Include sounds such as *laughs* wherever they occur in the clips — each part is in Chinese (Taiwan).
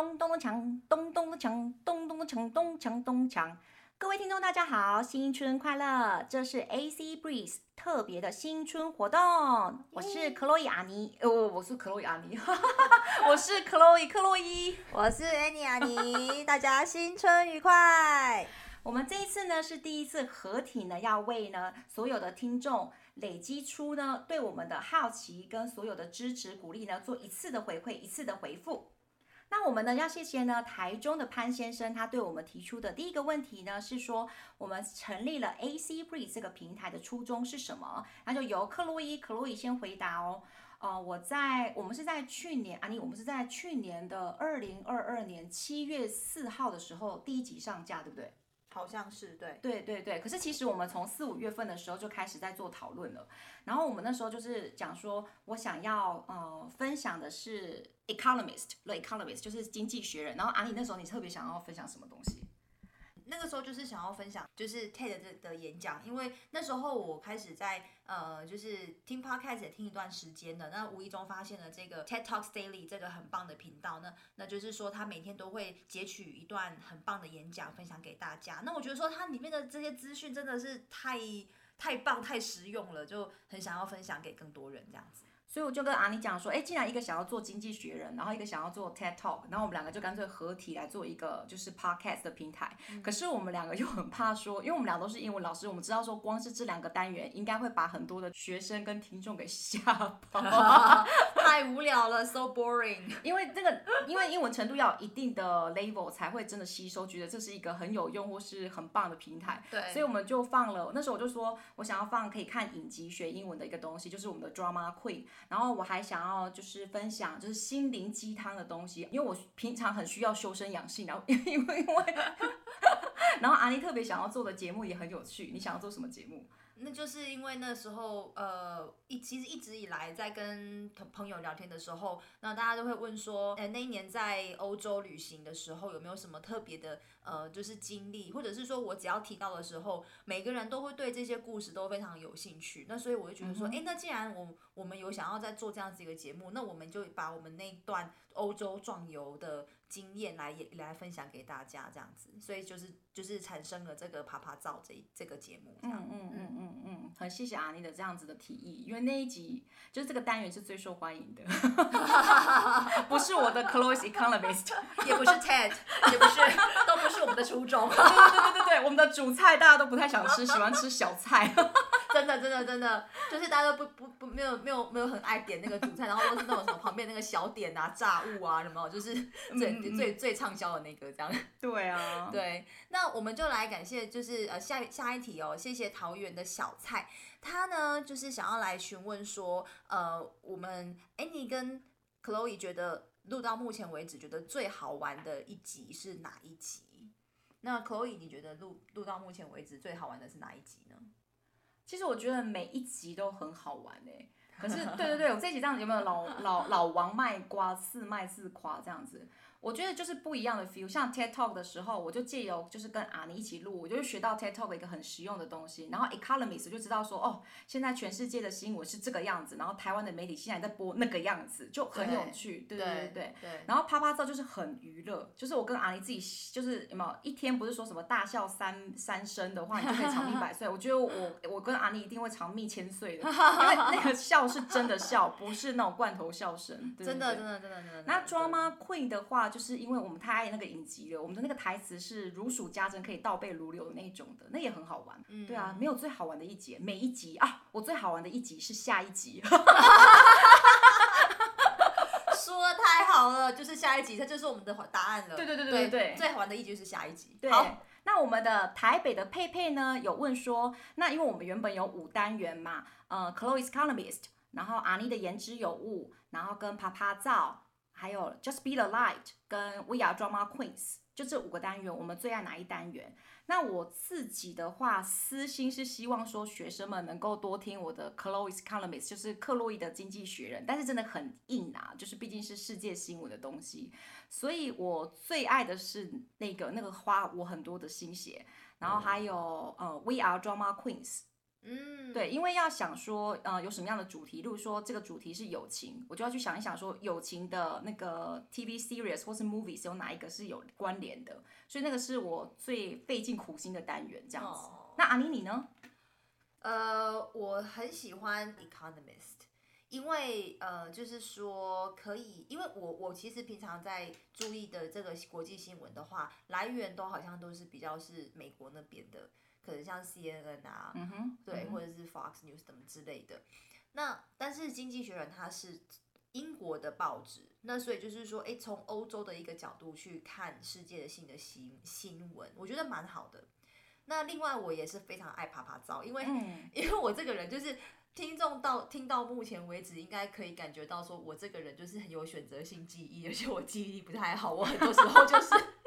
咚咚咚鏘，咚咚咚鏘，咚咚咚鏘，咚鏘咚鏘！各位聽眾，大家好，新春快樂！這是 AC Breeze 特別的新春活動，哎、我是克洛伊阿尼，呃、哦，我是克洛伊阿尼， *laughs* 我是克洛伊，克洛伊，我是 Annie 阿尼， *laughs* 大家新春愉快！我們這一次呢是第一次合體呢，要為呢所有的聽眾累積出呢對我們的好奇跟所有的支持鼓勵呢做一次的回饋，一次的回復。那我們呢要謝謝呢台中的潘先生，他對我們提出的第一個問題呢是說，我們成立了 AC Breeze 這個平台的初衷是什麼？那就由克洛伊克洛伊先回答哦。呃，我在我們是在去年啊，你我們是在去年的二零二二年七月四號的時候第一集上架，對不對？好像是對，對對對。可是其實我們從四五月份的時候就開始在做討論了，然後我們那時候就是講說，我想要呃、嗯、分享的是、e《Economist》的《Economist》，就是《經濟學人》。然後阿尼那時候你特別想要分享什麼東西？那個時候就是想要分享，就是 TED 的的演講，因為那時候我開始在呃，就是聽 Podcast 也聽一段時間的。那無意中發現了這個 TED Talks Daily 這個很棒的頻道那，那就是說他每天都會截取一段很棒的演講分享給大家，那我覺得說他裡面的這些資訊真的是太太棒太實用了，就很想要分享給更多人這樣子。所以我就跟阿妮講說，哎、欸，既然一個想要做經濟學人，然後一個想要做 TED Talk，然後我們兩個就乾脆合體來做一個就是 podcast 的平台。可是我們兩個又很怕說，因為我們倆都是英文老師，我們知道說光是這兩個單元應該會把很多的學生跟聽眾給嚇跑，哦、太無聊了 *laughs* ，so boring。因為這、那個，因為英文程度要有一定的 level 才會真的吸收，覺得這是一個很有用或是很棒的平台。對，所以我們就放了。那時候我就說我想要放可以看影集學英文的一個東西，就是我們的 Drama Queen。然後我還想要就是分享就是心靈雞湯的東西，因為我平常很需要修身養性，然後因為因為因為，然後阿尼特別想要做的節目也很有趣，你想要做什麼節目？那就是因為那時候，呃，一其實一直以來在跟朋友聊天的時候，那大家都會問說，哎，那一年在歐洲旅行的時候有沒有什麼特別的，呃，就是經歷，或者是說我只要提到的時候，每個人都會對這些故事都非常有興趣。那所以我就覺得說，哎、嗯哼欸，那既然我們我們有想要再做這樣子一個節目，那我們就把我們那段歐洲壯遊的。經驗來也來分享給大家，這樣子，所以就是就是產生了這個啪啪照這這個節目。這樣嗯嗯嗯嗯嗯，很謝謝阿尼的這樣子的提議，因為那一集就是這個單元是最受歡迎的， *laughs* 不是我的 Close Economist， *laughs* 也不是 TED，也不是，都不是我們的初衷。 *laughs* 對對對對對，我們的主菜大家都不太想吃，喜歡吃小菜。 *laughs* *laughs* 真的，真的，真的，就是大家都不不不沒有沒有沒有很愛點那個主菜， *laughs* 然後都是那種什麼旁邊那個小點啊、炸物啊什麼，就是最 *laughs* 最最暢銷的那個這樣。對啊，對，那我們就來感謝，就是呃下一下一題哦，謝謝桃園的小菜，他呢就是想要來詢問說，呃，我們 Annie、欸、你跟 Chloe 覺得錄到目前為止覺得最好玩的一集是哪一集？那 Chloe 你覺得錄錄到目前為止最好玩的是哪一集呢？其實我覺得每一集都很好玩哎，可是對對對，我這集這樣子有沒有老老老王賣瓜自賣自誇這樣子？我覺得就是不一樣的 feel，像 TED Talk 的時候，我就借由就是跟阿尼一起錄，我就學到 TED Talk 一個很實用的東西。然後 Economist 就知道說，哦，現在全世界的新聞是這個樣子，然後台灣的媒體現在在播那個樣子，就很有趣，對對對對。對對對，然後啪啪照就是很娛樂，就是我跟阿尼自己就是有沒有一天不是說什麼大笑三三聲的話，你就可以長命百歲。我覺得我我跟阿尼一定會長命千歲的，因為那個笑是真的笑，不是那種罐頭笑聲。真的真的真的真的。真的真的真的那 drama queen 的話。就是因為我們太愛那個影集了，我們的那個台詞是如數家珍，可以倒背如流那種的，那也很好玩。嗯、對啊，沒有最好玩的一集，每一集啊，我最好玩的一集是下一集。 *laughs* *laughs* 說得太好了，就是下一集，這就是我們的答案了。對對對對對，對，最好玩的一集是下一集。對好，那我們的台北的佩佩呢，有問說，那因為我們原本有五單元嘛，呃 Chloe's Columnist，然後阿妮的言之有物，然後跟趴趴造。還有 Just Be the Light 跟 We Are Drama Queens，就這五個單元，我們最愛哪一單元？那我自己的話，私心是希望說學生們能夠多聽我的 Chloe's Economist，就是克洛伊的經濟學人，但是真的很硬啊，就是畢竟是世界新聞的東西。所以我最愛的是那個那個花我很多的心血，然後還有呃、oh. uh, We Are Drama Queens。嗯，mm. 對，因為要想說，呃，有什麼樣的主題，如果說這個主題是友情，我就要去想一想說，友情的那個 TV series 或是 movies 有哪一個是有關聯的，所以那個是我最費盡苦心的單元這樣子。Oh. 那阿尼你呢？呃，uh, 我很喜歡 Economist，因為呃，就是說可以，因為我我其實平常在注意的這個國際新聞的話，來源都好像都是比較是美國那邊的。可能像 CNN 啊，嗯、哼對，嗯、哼或者是 Fox News 什麼之類的。那但是《經濟學人》他是英國的報紙，那所以就是說，誒，從歐洲的一個角度去看世界的新的新新聞，我覺得蠻好的。那另外，我也是非常愛拍拍照，因為、嗯、因為我這個人就是聽眾到聽到目前為止，應該可以感覺到，說我這個人就是很有選擇性記憶，而且我記憶力不太好，我很多時候就是。 *laughs*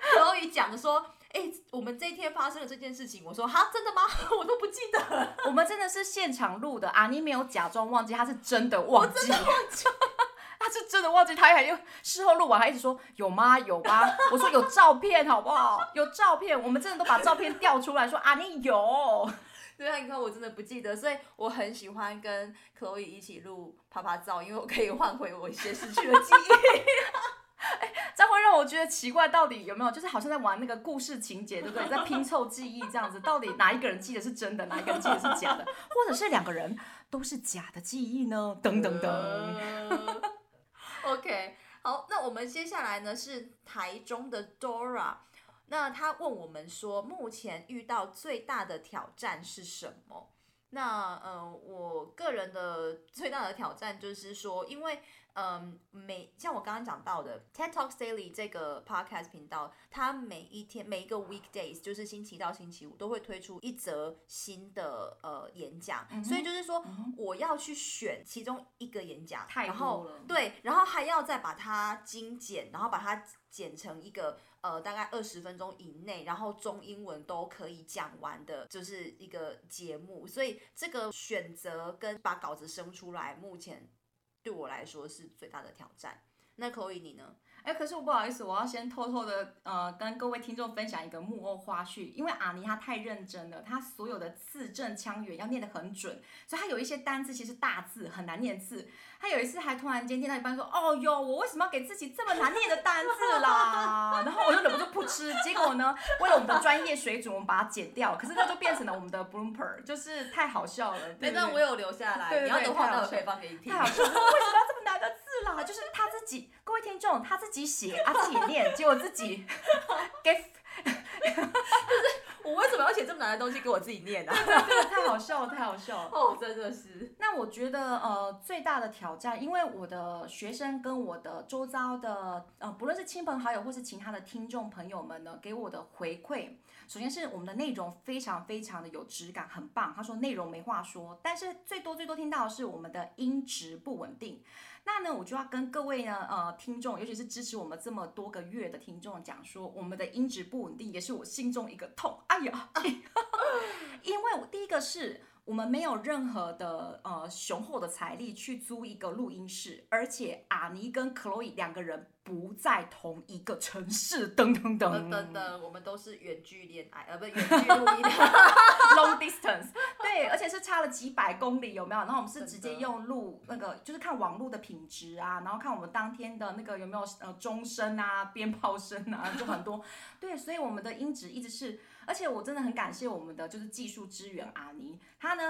克洛伊講的說：“哎、欸，我們這一天發生了這件事情。”我說：“哈，真的嗎？我都不記得。”我們真的是現場錄的啊！你沒有假裝忘記，他是真的忘記。他 *laughs* 是真的忘記，他還用事後錄完還一直說：“有嗎？有嗎？”我說：“有照片，好不好？有照片。”我們真的都把照片調出來說：“ *laughs* 啊，你有。”對啊，你看我真的不記得，所以我很喜歡跟克洛伊一起錄啪啪照，因為我可以換回我一些失去的記憶。 *laughs* 我覺得奇怪，到底有沒有？就是好像在玩那個故事情節，對不對？在拼湊記憶這樣子，到底哪一個人記得是真的，哪一個人記得是假的， *laughs* 或者是兩個人都是假的記憶呢？等等等。OK，好，那我們接下來呢是台中的 Dora，那他問我們說，目前遇到最大的挑戰是什麼？那嗯、呃，我個人的最大的挑戰就是說，因為。嗯，每像我剛剛講到的 TED Talk Daily 這個 podcast 頻道，它每一天、每一個 weekdays，就是星期一到星期五都會推出一則新的呃演講，嗯、哼所以就是說、嗯、哼我要去選其中一個演講，太厚了。然後對，然後還要再把它精簡，然後把它剪成一個呃大概二十分鐘以內，然後中英文都可以講完的，就是一個節目。所以這個選擇跟把稿子生出來，目前，對我來說是最大的挑戰。那克洛伊你呢？哎、欸，可是我不好意思，我要先偷偷的呃，跟各位聽眾分享一個幕後花絮，因為阿尼他太認真了，他所有的字正腔圓，要念得很準，所以他有一些單字其實大字很難念字。他有一次還突然間念到一半說：“哦喲，我為什麼要給自己這麼難念的單字啦？” *laughs* 然後我就忍不住噗嗤，結果呢，為了我們的專業水準，我們把它剪掉，可是那就變成了我們的 blooper， *laughs* 就是太好笑了。那段、欸、我有留下來，對對對對，你要的話，到配方給你聽。太好笑，為什麼要這麼難的字？ *laughs* *laughs* 就是他自己，各位聽眾，他自己寫，他、啊、自己念，結果自己給，就是我為什麼要寫這麼難的東西給我自己念呢、啊？太好笑了，太好笑了！哦，真的是。那我覺得呃，最大的挑戰，因為我的學生跟我的周遭的，呃，不論是親朋好友或是其他的聽眾朋友們呢，給我的回饋，首先是我們的內容非常非常的有質感，很棒。他說內容沒話說，但是最多最多聽到的是我們的音質不穩定。那呢，我就要跟各位呢，呃，聽眾，尤其是支持我們這麼多個月的聽眾講說，我們的音質不穩定，也是我心中一個痛。哎呀，啊、 *laughs* 因為第一個是我們沒有任何的呃雄厚的財力去租一個錄音室，而且阿尼跟克洛伊兩個人。不在同一個城市，等等等等等、等，我們都是遠距戀愛啊，呃、不是遠距錄音 *laughs* ，long distance。對，而且是差了幾百公里，有沒有？然後我們是直接用錄那個，就是看網絡的品質啊，然後看我們當天的那個有沒有呃鐘聲啊、鞭炮聲啊，就很多。對，所以我們的音質一直是，而且我真的很感謝我們的就是技術支援阿尼，他呢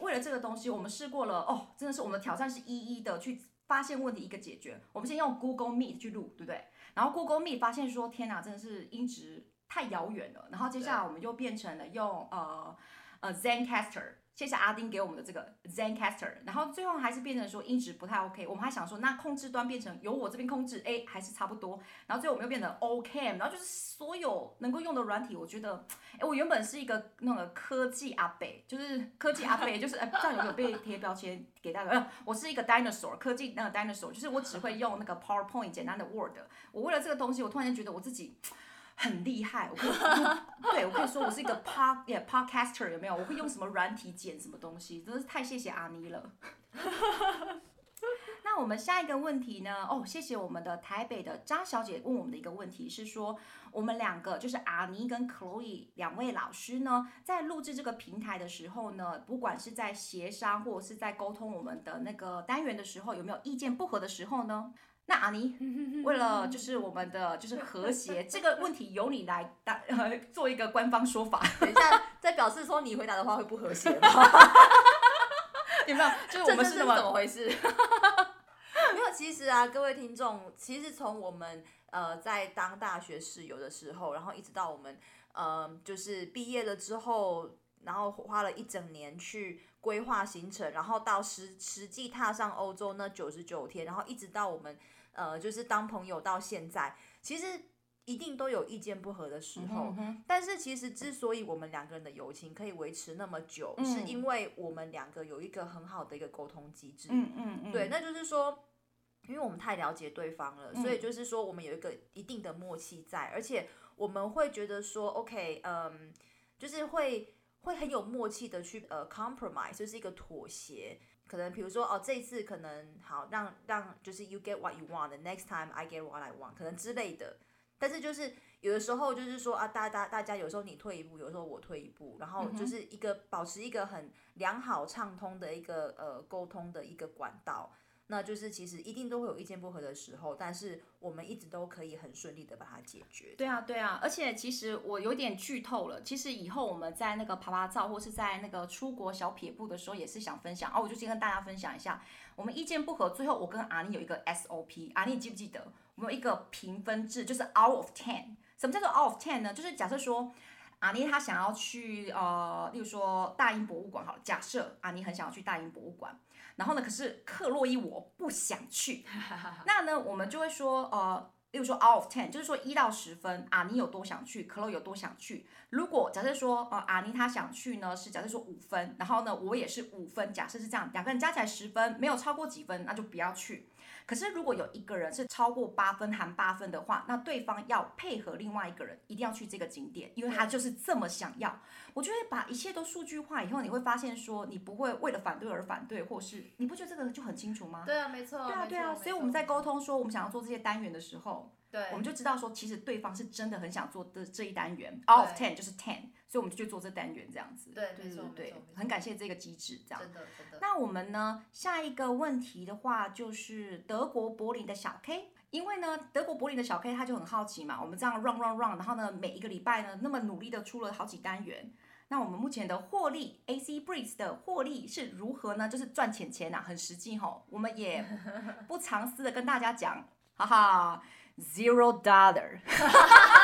為了這個東西，我們試過了，哦，真的是我們的挑戰是一一的去。發現問題一個解決，我們先用 Google Meet 去錄，對不對？然後 Google Meet 發現說：“天哪，真的是音質太遙遠了。”然後接下來我們就變成了用呃。呃、uh，Zencastr，謝謝阿丁給我們的這個 Zencastr，然後最後還是變成說音質不太 OK，我們還想說那控制端變成由我這邊控制，哎，還是差不多。然後最後我們又變成 All Cam，然後就是所有能夠用的軟體，我覺得，誒我原本是一個那個科技阿北，就是科技阿北， *laughs* 就是哎，不知道有沒有被貼標籤給大家。呃、我是一個 dinosaur 科技那個 dinosaur，就是我只會用那個 PowerPoint 簡單的 Word，我為了這個東西，我突然間覺得我自己。很厲害，我， *laughs* 我對我可以說我是一個 pod yeah podcaster 有沒有？我會用什麼軟體剪什麼東西，真的是太謝謝阿妮了。 *laughs* *laughs* *laughs* 那我們下一個問題呢？哦，謝謝我們的台北的張小姐問我們的一個問題，是說我們兩個就是阿妮跟 Chloe 兩位老師呢，在錄製這個平台的時候呢，不管是在協商或者是在溝通我們的那個單元的時候，有沒有意見不合的時候呢？那阿尼，為了就是我們的就是和諧，這個問題由你來當、呃、做一個官方說法。等一下再表示說你回答的話會不和諧嗎？ *laughs* *laughs* 有沒有？就是我們是怎麼回事？ *laughs* 沒有，其實啊，各位聽眾，其實從我們呃在當大學室友的時候，然後一直到我們呃就是畢業了之後，然後花了一整年去規劃行程，然後到實實際踏上歐洲那九十九天，然後一直到我們。呃，就是當朋友到現在，其實一定都有意見不合的時候。Mm hmm. 但是其實之所以我們兩個人的友情可以維持那麼久，mm hmm. 是因為我們兩個有一個很好的一個溝通機制。Mm hmm. 對，那就是說，因為我們太了解對方了，所以就是說我們有一個一定的默契在，mm hmm. 而且我們會覺得說，OK，嗯，um，就是會會很有默契的去呃，uh, compromise，就是一個妥協。可能比如說哦，這一次可能好讓讓就是 you get what you want，the next time I get what I want，可能之類的。但是就是有的時候就是說啊，大大大家有時候你退一步，有時候我退一步，然後就是一個保持一個很良好暢通的一個呃溝通的一個管道。那就是其實一定都會有意見不合的時候，但是我們一直都可以很順利的把它解決。對啊，對啊，而且其實我有點劇透了。其實以後我們在那個爬爬照，或是在那個出國小撇步的時候，也是想分享。哦、啊，我就先跟大家分享一下，我們意見不合，最後我跟阿尼有一個 SOP，啊。阿尼記不記得？我們有一個評分制，就是 out of ten。什麼叫做 out of ten 呢？就是假設說阿尼她想要去呃，例如說大英博物館，好了，假設阿尼很想要去大英博物館。然後呢？可是克洛伊，我不想去。那呢？我們就會說，呃，例如說 out of ten，就是說一到十分，阿尼有多想去，克洛伊有多想去。如果假設說，呃，阿尼他想去呢，是假設說五分，然後呢，我也是五分，假設是這樣，兩個人加起來十分，沒有超過幾分，那就不要去。可是如果有一個人是超過八分含八分的話，那對方要配合另外一個人，一定要去這個景點，因為他就是這麼想要。我覺得把一切都數據化以後，你會發現說你不會為了反對而反對，或是你不覺得這個就很清楚嗎？對啊，沒錯。對啊，對啊。沒錯，所以我們在溝通說我們想要做這些單元的時候，對，我們就知道說其實對方是真的很想做的這一單元，out 對，of ten 就是 ten。所以我們就做這單元這樣子，對對對對，很感謝這個機制這樣。真的，真的。那我們呢？下一個問題的話，就是德國柏林的小 K，因為呢，德國柏林的小 K 他就很好奇嘛。我們這樣 run run run，然後呢，每一個禮拜呢，那麼努力的出了好幾單元。那我們目前的獲利 AC Breeze 的獲利是如何呢？就是賺錢錢啊，很實際哈、哦。我們也不藏私的跟大家講，哈哈 *laughs* *laughs* ，zero dollar。 *laughs*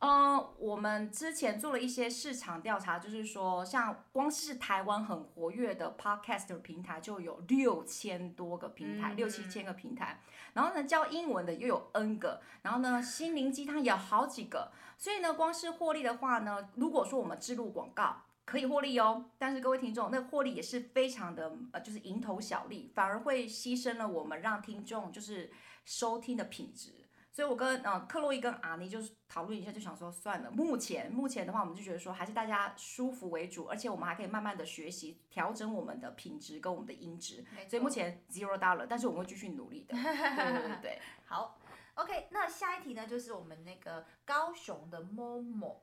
嗯，uh, 我們之前做了一些市場調查，就是說，像光是台灣很活躍的 Podcast 平台就有六千多個平台，六七千個平台。然後呢，教英文的又有 N 個，然後呢，心靈雞湯也有好幾個。所以呢，光是獲利的話呢，如果說我們植入廣告可以獲利哦，嗯、但是各位聽眾，那獲利也是非常的，呃，就是蠅頭小利，反而會犧牲了我們讓聽眾就是收聽的品質。所以，我跟嗯、呃，克洛伊跟阿尼就是討論一下，就想說算了。目前目前的話，我們就覺得說還是大家舒服為主，而且我們還可以慢慢的學習調整我們的品質跟我們的音質。對所以目前 zero dollar，但是我們會繼續努力的。對對對對。 *laughs* 對好，OK，那下一題呢，就是我們那個高雄的 Momo。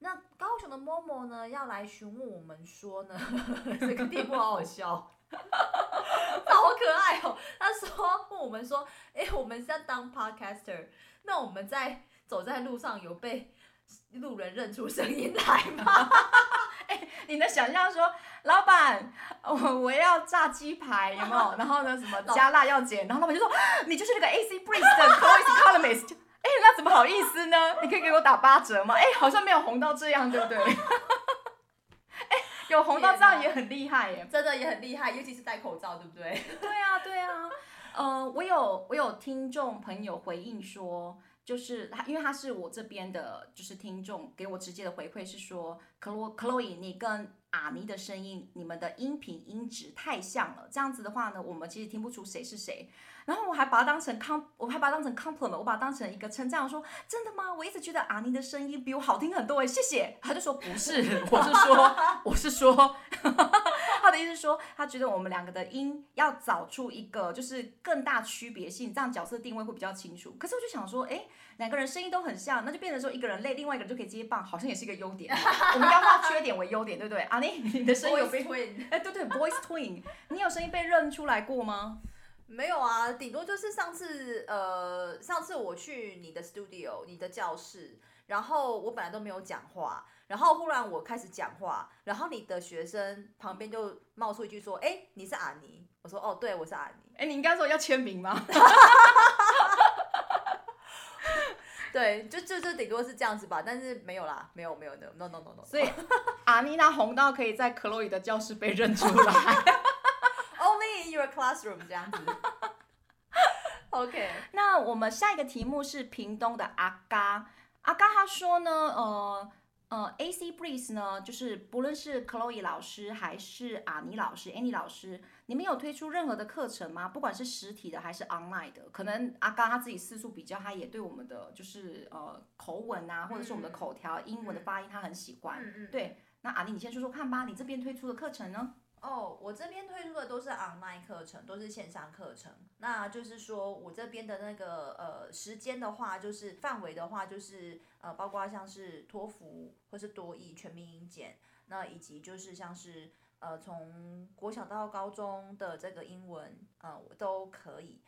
那高雄的 Momo 呢，要來詢問我們說呢，這個店鋪好好笑。 *laughs* *laughs* 好可愛哦！他說：“問我們說，哎、欸，我們是要當 podcaster，那我們在走在路上有被路人認出聲音來嗎？”哎、 *laughs* 欸，你能想象說，老闆，我我要炸雞排有沒有，然後呢，什麼加辣要減，然後老闆就說：“你就是那個 AC Breeze 的 Chloe columnist” 哎，那怎麼好意思呢？你可以給我打八折嗎？哎、欸，好像沒有紅到這樣，對不對？ *laughs* 紅到這樣也很厲害耶，真的也很厲害，尤其是戴口罩，對不對？對啊，對啊。呃，我有我有聽眾朋友回應說，就是他，因為他是我這邊的，就是聽眾給我直接的回饋是說，克洛克洛伊，loe, 你跟阿尼的聲音，你們的音頻音質太像了，這樣子的話呢，我們其實聽不出誰是誰。然後我還把它當成 com plain, 我還把它當成 compliment，我把它當成一個稱讚，我說真的嗎？我一直覺得阿尼的聲音比我好聽很多誒，謝謝。他就說不是，我是說我。不是說， *laughs* 他的意思是說，他覺得我們兩個的音要找出一個，就是更大區別性，這樣角色定位會比較清楚。可是我就想說，哎、欸，兩個人聲音都很像，那就變成說一個人累，另外一個人就可以接棒，好像也是一個優點。 *laughs* 我們要化缺點為優點，對不對？阿尼、 *laughs* 啊、你的聲音有被？哎，Voice *laughs* 對對，對，Voice *laughs* Twin，你有聲音被認出來過嗎？沒有啊，頂多就是上次，呃，上次我去你的 studio，你的教室，然後我本來都沒有講話。然後忽然我開始講話，然後你的學生旁邊就冒出一句說：“哎，你是阿尼？”我說：“哦，對，我是阿尼。”哎，你應該說要簽名嗎？ *laughs* *laughs* 對，就就就頂多是這樣子吧，但是沒有啦，沒有沒有，沒有 no no no no，, no 所以 *laughs* 阿尼那紅到可以在克洛伊的教室被認出來 *laughs* ，Only in your classroom 這樣子。 *laughs* OK，那我們下一個題目是屏東的阿嘎，阿嘎他說呢，呃。呃，AC Breeze 呢，就是不論是 Chloe 老師還是阿尼老師、Annie 老師，你們有推出任何的課程嗎？不管是實體的還是 online 的，可能阿剛他自己思數比較，他也對我們的就是呃口吻啊，或者是我們的口條、嗯、英文的發音他很喜歡。嗯嗯嗯、對，那阿尼你先說說看吧，你這邊推出的課程呢？哦，我這邊推出的都是 online 課程，都是線上課程。那就是說，我這邊的那個呃時間的話，就是範圍的話，就是呃包括像是托福或是多益、全民英檢，那以及就是像是呃從國小到高中的這個英文呃我都可以。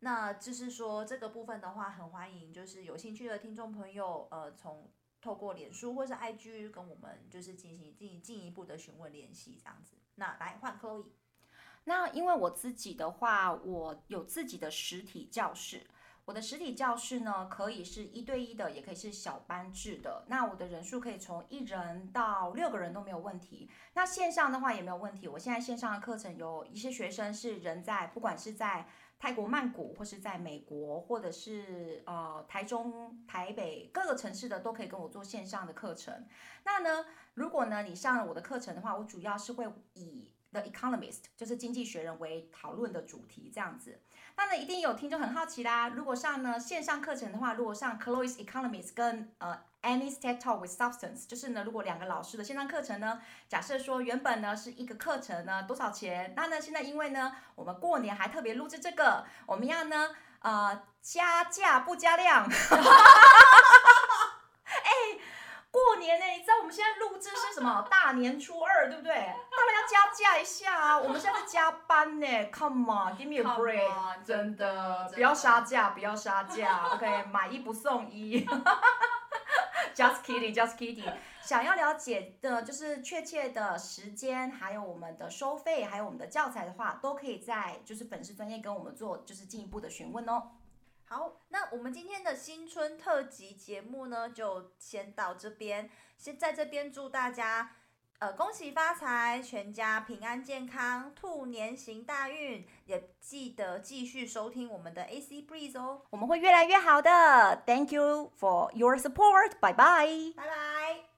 那就是說這個部分的話，很歡迎就是有興趣的聽眾朋友呃從。透過臉書或是 IG 跟我們就是進行進進一步的詢問聯繫這樣子，那來換 Chloe。那因為我自己的話，我有自己的實體教室，我的實體教室呢可以是一對一的，也可以是小班制的。那我的人數可以從一人到六個人都沒有問題。那線上的話也沒有問題。我現在線上的課程有一些學生是人在，不管是在。泰國曼谷，或是在美國，或者是呃台中、台北各個城市的，都可以跟我做線上的課程。那呢，如果呢你上了我的課程的話，我主要是會以。The Economist 就是經濟學人為討論的主題，這樣子。那呢，一定有聽眾很好奇啦。如果上呢線上課程的話，如果上 Chloe's Economist 跟呃 Ani's Talk with Substance，就是呢如果兩個老師的線上課程呢，假設說原本呢是一個課程呢多少錢，那呢現在因為呢我們過年還特別錄制這個，我們要呢呃加價不加量。 *laughs* *laughs* 天你知道我們現在錄製是什麼？大年初二，對不對？當然要加價一下啊！我們現在在加班呢，Come on，give me a break，on，真的，真的不要殺價，不要殺價，OK， *laughs* 買一不送一 *laughs* ，Just kidding，Just kidding。想要了解的就是確切的時間，還有我們的收費，還有我們的教材的話，都可以在就是粉絲專頁跟我們做就是進一步的詢問哦。好，那我們今天的新春特輯節目呢，就先到這邊。先在這邊祝大家，呃，恭喜發財，全家平安健康，兔年行大運。也記得繼續收聽我們的 AC Breeze 哦，我們會越來越好的。的 Thank you for your support，拜拜，拜拜。